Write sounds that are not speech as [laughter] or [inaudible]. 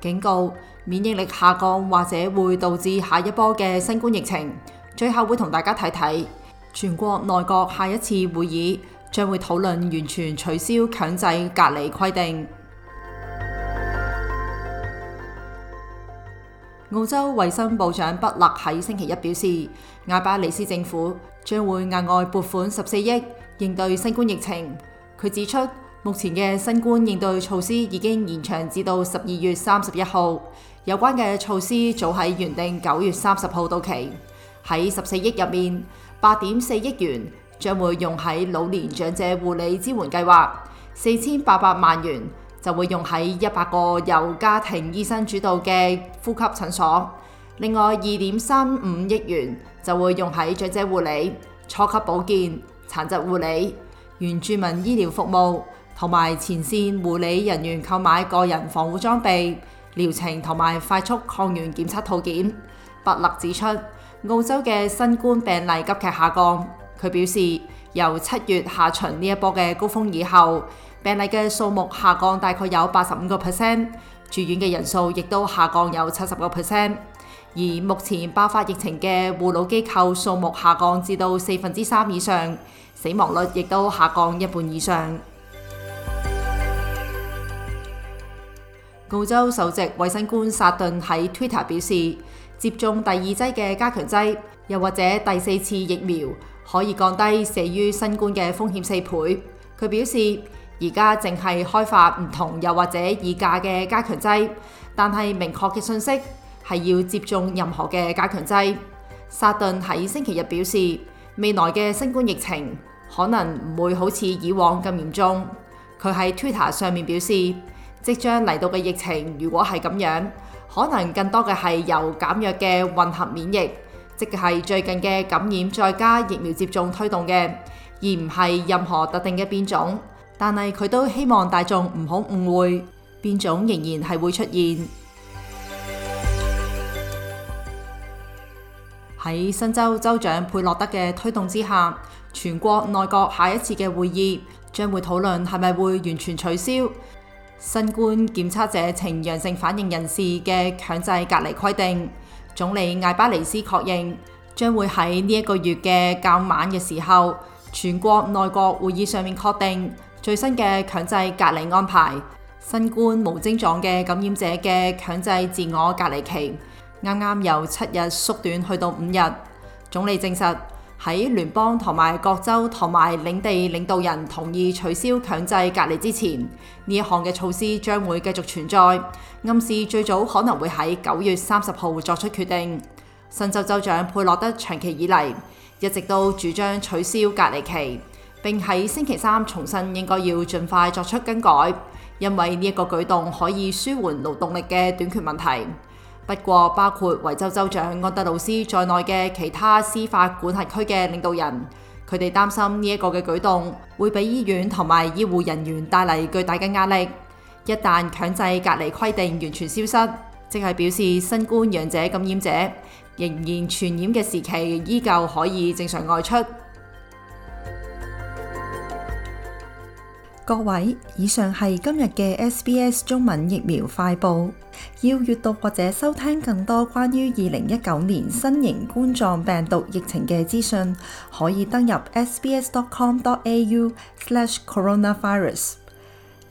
警告免疫力下降或者會導致下一波嘅新冠疫情。最後會同大家睇睇，全國內閣下一次會議將會討論完全取消強制隔離規定。 [music] 澳洲衛生部長畢勒喺星期一表示，艾巴尼斯政府將會額外撥款十四億應對新冠疫情。佢指出。目前嘅新冠應對措施已經延長至到十二月三十一號，有關嘅措施早喺原定九月三十號到期。喺十四億入面，八點四億元將會用喺老年長者護理支援計劃，四千八百萬元就會用喺一百個由家庭醫生主導嘅呼吸診所，另外二點三五億元就會用喺長者護理、初級保健、殘疾護理、原住民醫療服務。同埋，前線護理人員購買個人防護裝備、療程同埋快速抗原檢測套件。畢勒指出，澳洲嘅新冠病例急劇下降。佢表示，由七月下旬呢一波嘅高峰以後，病例嘅數目下降大概有八十五個 percent，住院嘅人數亦都下降有七十個 percent。而目前爆發疫情嘅護老機構數目下降至到四分之三以上，死亡率亦都下降一半以上。澳洲首席衛生官薩頓喺 Twitter 表示，接種第二劑嘅加強劑，又或者第四次疫苗，可以降低死於新冠嘅風險四倍。佢表示，而家淨係開發唔同又或者二價嘅加強劑，但係明確嘅信息係要接種任何嘅加強劑。薩頓喺星期日表示，未來嘅新冠疫情可能唔會好似以往咁嚴重。佢喺 Twitter 上面表示。即將嚟到嘅疫情，如果係咁樣，可能更多嘅係由減弱嘅混合免疫，即係最近嘅感染再加疫苗接種推動嘅，而唔係任何特定嘅變種。但係佢都希望大眾唔好誤會，變種仍然係會出現。喺 [music] 新州州長佩洛德嘅推動之下，全國內閣下一次嘅會議將會討論係咪會完全取消新冠檢測者呈陽性反應人士嘅強制隔離規定，總理艾巴尼斯確認將會喺呢一個月嘅較晚嘅時候，全國內閣會議上面確定最新嘅強制隔離安排。新冠無症狀嘅感染者嘅強制自我隔離期，啱啱由七日縮短去到五日。總理證實。喺聯邦同埋各州同埋領地領導人同意取消強制隔離之前，呢項嘅措施將會繼續存在，暗示最早可能會喺九月三十號作出決定。新州州長佩洛德長期以嚟一直都主張取消隔離期，並喺星期三重申應該要盡快作出更改，因為呢一個舉動可以舒緩勞動力嘅短缺問題。不過，包括維州州長安德魯斯在內嘅其他司法管轄區嘅領導人，佢哋擔心呢一個嘅舉動會俾醫院同埋醫護人員帶嚟巨大嘅壓力。一旦強制隔離規定完全消失，即係表示新冠陽者、感染者仍然傳染嘅時期，依舊可以正常外出。各位，以上係今日嘅 SBS 中文疫苗快報。要閱讀或者收聽更多關於二零一九年新型冠狀病毒疫情嘅資訊，可以登入 sbs.com.au/coronavirus dot dot slash。